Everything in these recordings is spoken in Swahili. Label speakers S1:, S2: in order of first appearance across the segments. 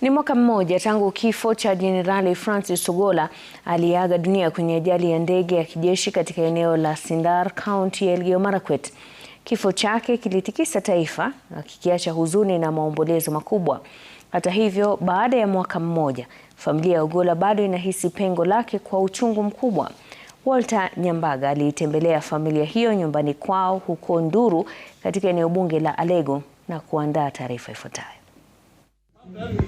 S1: Ni mwaka mmoja tangu kifo cha Jenerali Francis Ogolla aliyeaga dunia kwenye ajali ya ndege ya kijeshi katika eneo la Sindar, kaunti ya Elgeyo Marakwet. Kifo chake kilitikisa taifa na kikiacha huzuni na maombolezo makubwa. Hata hivyo, baada ya mwaka mmoja, familia ya Ogolla bado inahisi pengo lake kwa uchungu mkubwa. Walter Nyambaga aliitembelea familia hiyo nyumbani kwao huko Nduru katika eneo bunge la Alego na kuandaa taarifa ifuatayo.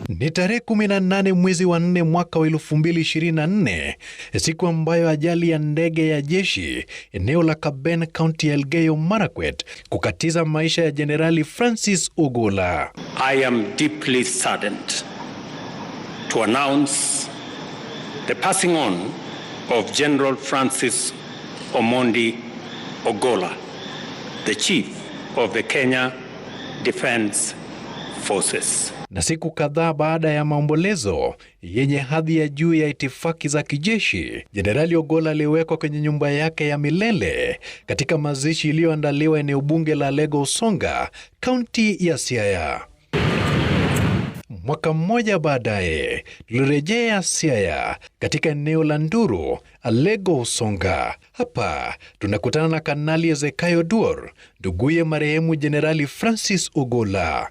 S2: Ni tarehe 18 mwezi wa 4 mwaka wa 2024, siku ambayo ajali ya ndege ya jeshi eneo la Kaben, kaunti ya Elgeyo Marakwet kukatiza maisha ya Jenerali Francis Ogola.
S3: I am deeply saddened to announce the passing on of General Francis Omondi Ogola, the chief of the Kenya Defence Forces
S2: na siku kadhaa baada ya maombolezo yenye hadhi ya juu ya itifaki za kijeshi, Jenerali Ogola aliwekwa kwenye nyumba yake ya milele katika mazishi iliyoandaliwa eneo bunge la Lego Usonga, kaunti ya Siaya. Mwaka mmoja baadaye tulirejea Siaya katika eneo la Nduru Alego Usonga. Hapa tunakutana na Kanali Ezekayo Duor, nduguye marehemu Jenerali Francis Ogola.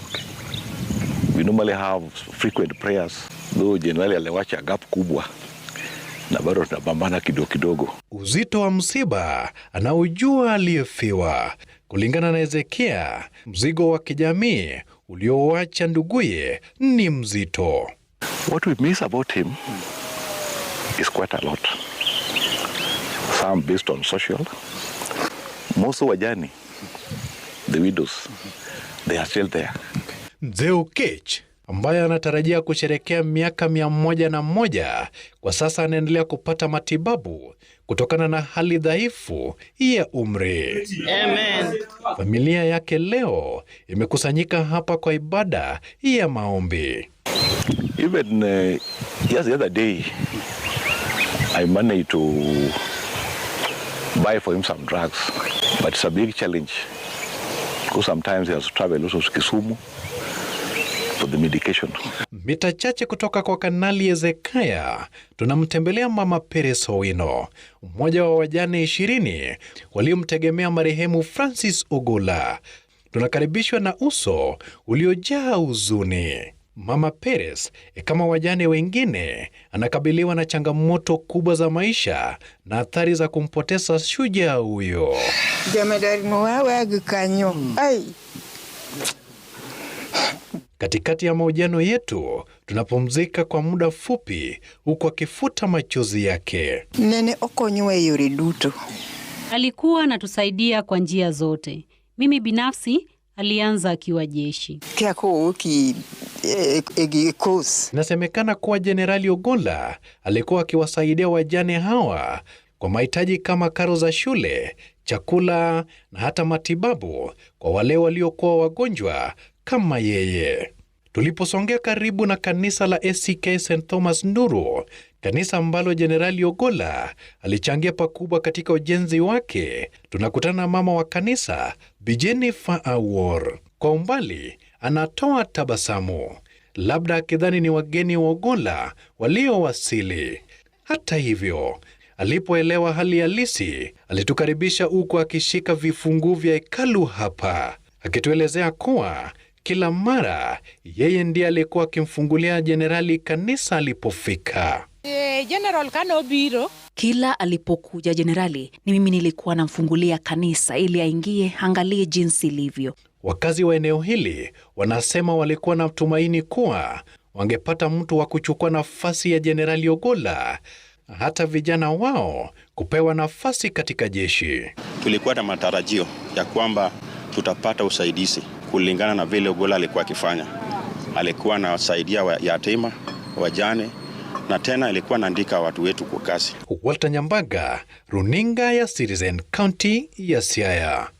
S4: We normally have frequent prayers, though generally aliwacha gap kubwa na bado tunapambana kidogo kidogo.
S2: Uzito wa msiba anaujua aliyefiwa. Kulingana na Hezekia, mzigo wa kijamii uliowacha nduguye ni mzito.
S4: What we miss about him is quite a lot. Some based on social. Most wajani, the widows, they are still there.
S2: Kech ambaye anatarajia kusherekea miaka mia moja na moja kwa sasa anaendelea kupata matibabu kutokana na hali dhaifu ya umri. Amen. Familia yake leo imekusanyika hapa kwa ibada ya maombi.
S4: Even, uh, yes, the other day, I managed to buy for him some drugs, but it's a big challenge. Because sometimes he has traveled also to Kisumu for the medication.
S2: Mita chache kutoka kwa Kanali Ezekaya tunamtembelea Mama Peres Owino, mmoja wa wajane ishirini waliomtegemea marehemu Francis Ogola. Tunakaribishwa na uso uliojaa huzuni. Mama Perez e kama wajane wengine anakabiliwa na changamoto kubwa za maisha na athari za kumpoteza shujaa huyo. Katikati ya mahojiano yetu tunapumzika kwa muda fupi, huku akifuta machozi yake.
S5: Nene okonywe yore duto,
S6: alikuwa anatusaidia kwa njia zote. Mimi binafsi alianza akiwa jeshi
S5: Kiako, uki
S2: Inasemekana kuwa Jenerali Ogola alikuwa akiwasaidia wajane hawa kwa mahitaji kama karo za shule, chakula na hata matibabu kwa wale waliokuwa wagonjwa kama yeye. Tuliposongea karibu na kanisa la ACK St Thomas Nduru, kanisa ambalo Jenerali Ogola alichangia pakubwa katika ujenzi wake, tunakutana na mama wa kanisa Bi Jennifer Awor. Kwa umbali anatoa tabasamu, labda akidhani ni wageni wa Ogola waliowasili. Hata hivyo, alipoelewa hali halisi, alitukaribisha huku akishika vifunguu vya hekalu hapa, akituelezea kuwa kila mara yeye ndiye alikuwa akimfungulia jenerali kanisa alipofika.
S7: General e, Kano
S8: Kila alipokuja jenerali, ni mimi nilikuwa namfungulia kanisa ili aingie, angalie jinsi ilivyo.
S2: Wakazi wa eneo hili wanasema walikuwa na tumaini kuwa wangepata mtu wa kuchukua nafasi ya Jenerali Ogola, hata vijana wao kupewa nafasi katika jeshi.
S9: Tulikuwa na matarajio ya kwamba tutapata usaidizi kulingana na vile Ogola alikuwa akifanya. Alikuwa anawasaidia yatima, wajane na tena alikuwa anaandika watu wetu kwa kazi.
S2: Walter Nyambaga, runinga ya Citizen, kaunti ya Siaya.